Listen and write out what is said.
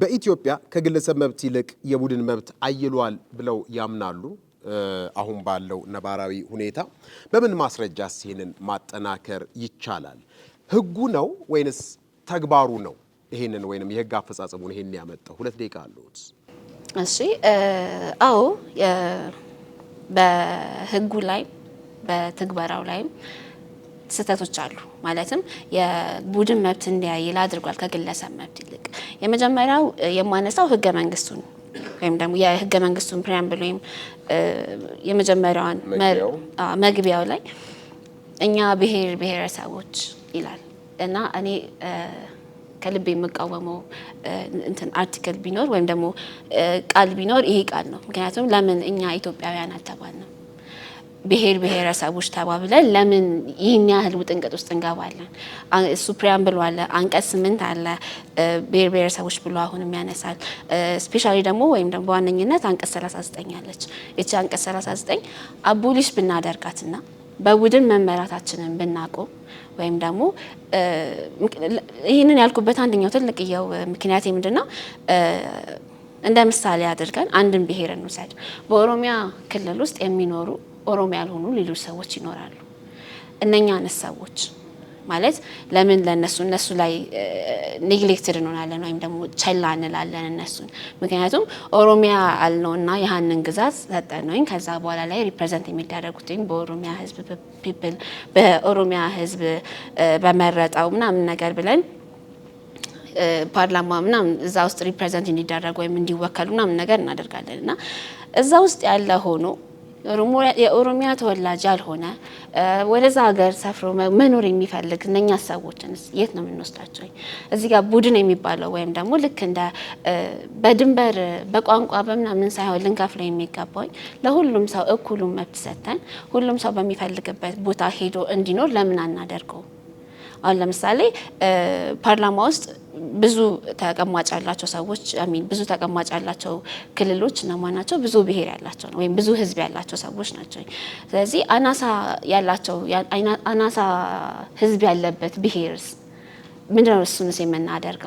በኢትዮጵያ ከግለሰብ መብት ይልቅ የቡድን መብት አይሏል ብለው ያምናሉ? አሁን ባለው ነባራዊ ሁኔታ በምን ማስረጃስ ይህንን ማጠናከር ይቻላል? ህጉ ነው ወይንስ ተግባሩ ነው? ይህንን ወይንም የህግ አፈጻጸሙን ይህን ያመጣው? ሁለት ደቂቃ አለሁት። እሺ፣ አዎ በህጉ ላይም በትግበራው ላይም ስህተቶች አሉ። ማለትም የቡድን መብት እንዲያይል አድርጓል ከግለሰብ መብት የመጀመሪያው የማነሳው ህገ መንግስቱን ወይም ደግሞ የህገ መንግስቱን ፕሪያምብል ወይም የመጀመሪያዋን መግቢያው ላይ እኛ ብሄር ብሄረሰቦች ይላል እና እኔ ከልብ የምቃወመው እንትን አርቲክል ቢኖር ወይም ደግሞ ቃል ቢኖር ይሄ ቃል ነው። ምክንያቱም ለምን እኛ ኢትዮጵያውያን አልተባልንም? ብሔር ብሔረሰቦች ተባብለን ለምን ይህን ያህል ውጥንቅጥ ውስጥ እንገባለን? እሱ ብሎ አለ፣ አንቀጽ ስምንት አለ፣ ብሔር ብሔረሰቦች ብሎ አሁንም ያነሳል። ስፔሻሊ ደግሞ ወይም ደግሞ በዋነኝነት አንቀጽ 39 አለች። ይቺ አንቀጽ 39 አቡሊሽ ብናደርጋትና በቡድን መመራታችንን ብናቆም ወይም ደግሞ ይህንን ያልኩበት አንደኛው ትልቅየው ምክንያት ምንድን ነው? እንደ ምሳሌ አድርገን አንድን ብሔር እንውሰድ። በኦሮሚያ ክልል ውስጥ የሚኖሩ ኦሮሞ ያልሆኑ ሌሎች ሰዎች ይኖራሉ። እነኛንስ ሰዎች ማለት ለምን ለነሱ እነሱ ላይ ኔግሌክትድ እንሆናለን ወይም ደግሞ ቸላ እንላለን እነሱን? ምክንያቱም ኦሮሚያ እና ያህንን ግዛት ሰጠን ወይም ከዛ በኋላ ላይ ሪፕሬዘንት የሚደረጉት ወይም በኦሮሚያ ህዝብ ፒፕል በኦሮሚያ ህዝብ በመረጠው ምናምን ነገር ብለን ፓርላማ ምናምን እዛ ውስጥ ሪፕሬዘንት እንዲደረጉ ወይም እንዲወከሉ ምናምን ነገር እናደርጋለን እና እዛ ውስጥ ያለ ሆኖ የኦሮሚያ ተወላጅ ያልሆነ ወደዛ ሀገር ሰፍሮ መኖር የሚፈልግ እነኛ ሰዎችን የት ነው የምንወስዳቸው? እዚህ ጋር ቡድን የሚባለው ወይም ደግሞ ልክ እንደ በድንበር በቋንቋ በምናምን ሳይሆን ልንከፍለው የሚገባኝ ለሁሉም ሰው እኩሉ መብት ሰጥተን ሁሉም ሰው በሚፈልግበት ቦታ ሄዶ እንዲኖር ለምን አናደርገው? አሁን ለምሳሌ ፓርላማ ውስጥ ብዙ ተቀማጭ ያላቸው ሰዎች ሚን ብዙ ተቀማጭ ያላቸው ክልሎች እነማን ናቸው? ብዙ ብሔር ያላቸው ነው ወይም ብዙ ህዝብ ያላቸው ሰዎች ናቸው። ስለዚህ አናሳ ያላቸው አናሳ ህዝብ ያለበት ብሔርስ ምንድነው? እሱንስ የምናደርገው